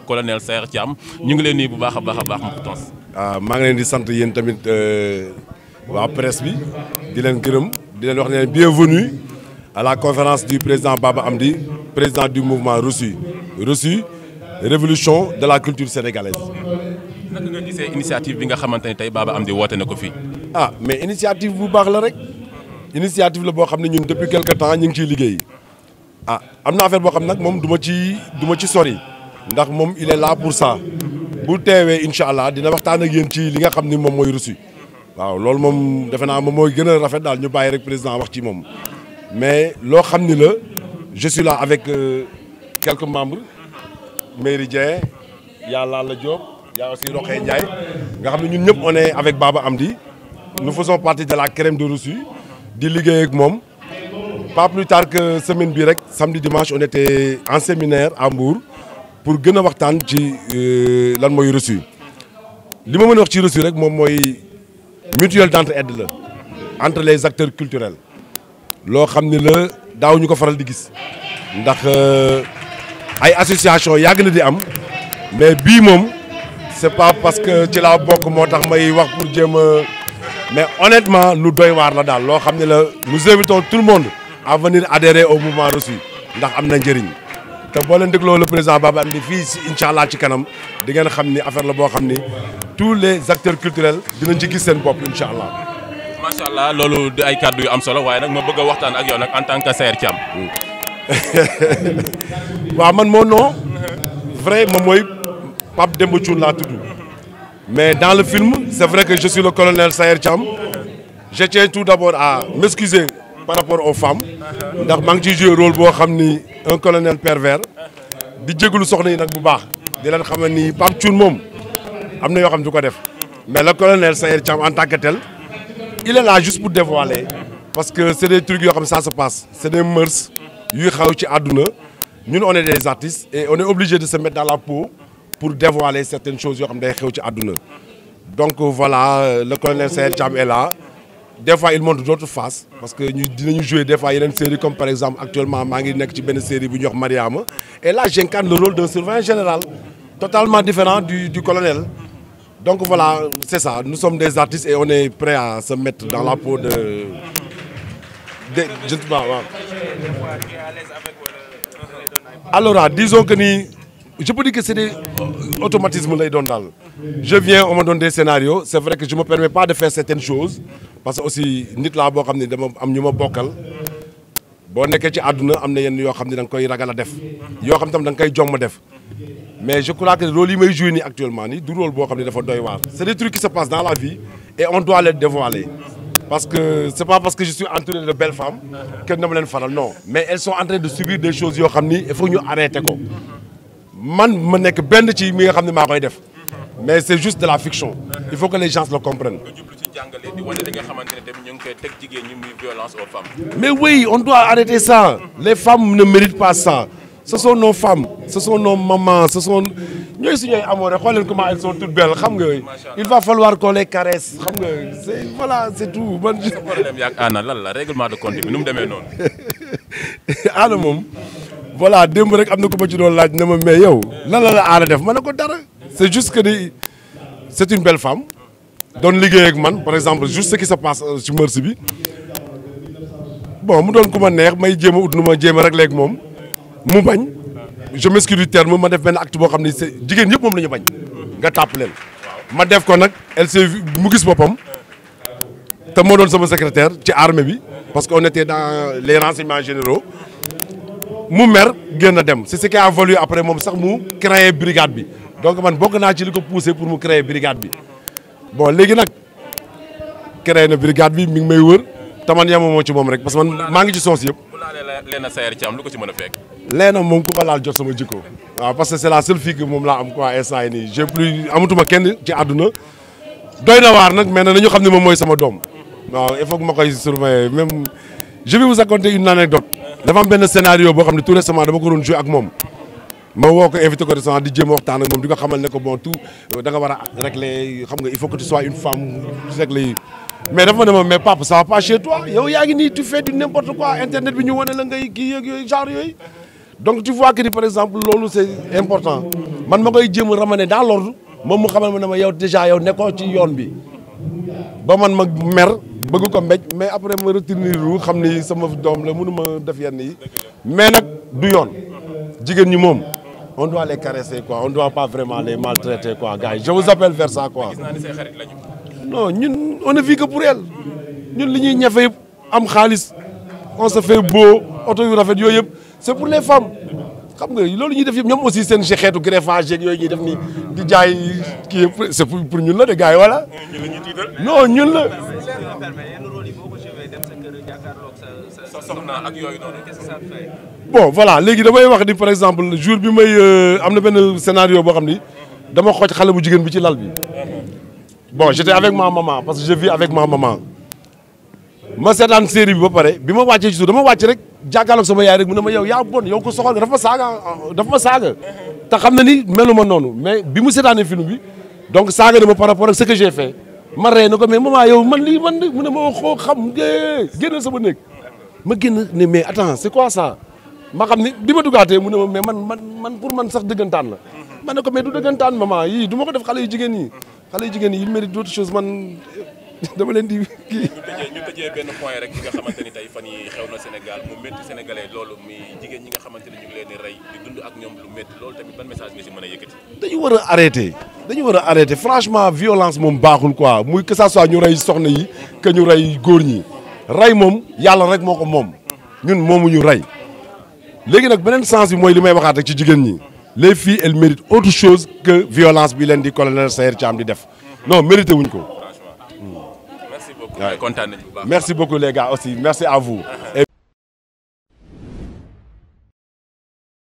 colonel ci am ñu ngi leen nii bu baax a baax a baax Makhtar. maa ngi leen di sant yéen tamit euh, waa presse bi di leen gërëm di leen wax ne bienvenue à la conférence du président Baba di président du mouvement Reçu Reçu révolution de la culture sénégalaise. naka nga gisee initiative bi nga xamante ne tey Baba Amdi woote na ko fii. ah mais initiative bu baax la rek initiative la boo xam ne ñun depuis quelque temps ñu ngi ciy liggéey ah am na affaire boo xam nag moom duma ma ci du ci sori. ndax moom il est là pour ça bu teewee incha allah dina waxtaan a yéen ci li nga xam ni moom mooy reçu waaw loolu moom defe naa moom mooy gëna a rafet daal ñu bàyyi rek président wax ci moom mais loo xam ni la je la là avec euh, quelques membres Mairie Dieng yaa Lalla Diop yaa aussi Rokhaya Ndiaye nga xam ne ñun ñëpp on est avec Baba Amdi nous faisons partie de la crème de reçu di liggéey ak moom pas plus tard que semaine bi rek samedi dimanche on était en séminaire à pour gën a waxtaan ci euh, lan mooy reçu li ma mën a wax ci reçu rek moom mooy mutuelle d'entraide la entre les acteurs culturels loo xam ni la daaw ñu ko faral di gis ndax euh, ay association yàgg na di am mais bii moom c'est pas parce que ci la bokk moo tax may wax pour jéem a mais honnêtement lu doy waar la daal loo xam ne la nous invitons tout le monde à venir adhérer au mouvement reçu ndax am na njëriñ te boo leen dégloo le président Baba Andi fii si incha allah ci kanam di ngeen xam ni affaire la boo xam ni tous les acteurs culturels dinañ ci gis seen bopp incha allah. macha allah loolu di ay kàddu yu am solo waaye nag ma bëgg a waxtaan ak yow nag en tant que Saër Thiam. waaw man moo non vrai moom mooy Pape Demba Thioune laa tudd mais dans le film c'est vrai que je suis le colonel Saër Thiam je tiens tout d'abord à m'excuser par rapport aux femmes ndax maa ngi ciy joué boo xam ni un colonel pervers di jégalu soxna yi nag bu baax di leen xamal ni Pape Thioune moom am na yoo xam du ko def mais la colonel Sayer Thiam en tant que tel il est là juste pour dévoiler parce que c'est des trucs yoo xam ça se passe c'est des mœurs yuy xaw ci àdduna ñun on est des artistes et on est obligé de se mettre dans la peau pour dévoiler certaines choses yoo xam day xew ci àdduna donc voilà le colonel des fois il montre d'autres faces parce que ñu dinañu jouer des fois yeneen série comme par exemple actuellement maa ngi nekk ci benn série bu ñuy wax Mariama et là j'incarne le rôle d'un surveillant général totalement différent du du colonel donc voilà c'est ça nous sommes des artistes et on est prêts à se mettre dans la peau de de je alors disons que ni je peux dire que c'est des automatismes lay doon daal je viens on me donne des scénarios c'est vrai que je me permets pas de faire certaines choses parce que aussi nit laa boo xam ne dama am ñu ma bokkal boo nekkee ci aduna am na yenn yoo xam ne da koy ragal a def yoo xam tam da nga koy jomm def mais je crois que rôle yi may joué actuellement nii du rôle boo xam ne dafa doy waar c'est des trucs qui se passent dans la vie et on doit les dévoiler parce que c'est pas man ma nekk benn ci mi nga xam ne maa koy def mais c'est juste de la fiction il faut que les gens le comprennent mais oui on doit arrêter ça les femmes ne méritent pas ça ce sont nos femmes ce sont nos mamans ce sont ñooy suñuy amoon rek xool leen comment elles sont toutes belles xam nga il va falloir qu'on les caresse xam nga c'est voilà c'est tout man. problème yaak Anna lan la règlement de compte bi nu mu demee noonu. Anna moom. voilà démb rek am na ko ma ci doon laaj na ma mais yow lan la la aada def ma ne ko dara c' juste que ni c' est une belle femme doon liggéey ak man par exemple juste ce qui se passe euh, ci mërsi bi bon mu doon ku ma neex may jéem a ut nu ma jéem a rek léegi moom mu bañ je m'excuse du terme ma def benn acte boo xam ne c'est jigéen ñëpp moom la ñu bañ nga tàpp leen ma def ko nag elle s'est mu gis boppam te moo doon sama secrétaire ci armée bi parce que on était dans les renseignements généraux mu mer génn a dem c'est ce qui a valu après moom sax mu créer brigade bi donc man bokk naa ci li ko poussé pour mu créer brigade bi bon léegi nag créé na brigade bi mi ngi may wër taman yamamoo ci moom rek parce man maa ci soos yëpp. bu Sayar Thiam lu ko ci mën a fekk. moom ku ma laal jot sama jikko waaw parce que c'est la seule fille que moom laa am quoi instant yi nii j'ai plus amatuma kenn ci àdduna doy na waar nag mais nañu xam ne moom mooy sama doom il faut dafa am benn scénario boo a waxtaan ak moom ne ko bon tout da nga war a régler xam nga il faut que tu sois une femme régler yi mais dafa ma ne ma mais papa ça va toi yow yaa ngi nii tu fais du n'importe quoi internet bi ñu wane la ngay kii yooyu genre yooyu donc tu vois que ni par exemple loolu c'est important man ma koy jéem a ne dans l'ordre moom mu xamal ma ne ma yow déjà yow nekkoo ci yoon bi ba man ma mer bëgg ko mbéj mais après ma retenir wu xam ni sama doom la mënuma def yenn yi mais nag du yoon jigéen ñi moom on doit le caresser quoi on doit pas vraiment les maltraiter quoi gars yi je vous appelle vers ça non ñun on ne vit que pour elle ñun li ñuy ñafe am xaalis on se fait beau oto yu rafet yooyu yëpp c'est pour les femmes xam nga loolu ñuy def ñoom aussi seen xeetu greffage yeeg yooyu ñuy def nii di jaay kii yëpp pour ñun la de gars yi voilà. non ñun la. bon voilà léegi damay wax ni par exemple jour bi may euh, am na benn scénario boo xam ni dama xooj xale bu jigéen bi ci lal bi mhm. bon j'étais avec ma maman parce que je vis avec ma maman. ma seetaan série bi ba pare bi ma wàccee ci suuf dama wàcc rek jàkkaarloog sama yaay rek mu ne ma yow yaa bon yow ko soxal dafa da saaga dafa ma saaga te xam na ni melu ma noonu mais bi mu seetaanee film bi donc saaga na ma par rapport ak ce que j'ai ma rey na ko mais maman yow man lii man mu ne ma xoo xam génn sama néeg ma génn ne mais attends c'est quoi ça ma xam ni bi ma dugaatee mu ne ma mais man man man pour man sax dëggantaan la ma ne ko mais du dëggantaan maman yii du ma ko def xale yu jigéen ñi xale yu jigéen dama leen di kii. ñu ñu tëjee benn point rek nga xamante ni fan yi xew na Sénégal mu métti sénégalais loolu muy jigéen ñi nga xamante ni ñu ngi leen di rey di dund ak ñoom lu métti loolu tamit ban message nga si mën yëkkati. dañu war a arrêté dañu war a arrêté franchement violence moom baaxul quoi muy que ça soit ñu rey soxna yi que ñu rey góor ñi rey moom yàlla rek moo ko moom ñun moomu ñu rey léegi nag beneen sens bi mooy li may waxaat rek ci jigéen ñi les filles elles méritent autre bi leen di colonel Sayer Thiam di def non mérité wuñ ko. kontaan nañu bu baax merci beaucoup les gars aussi merci à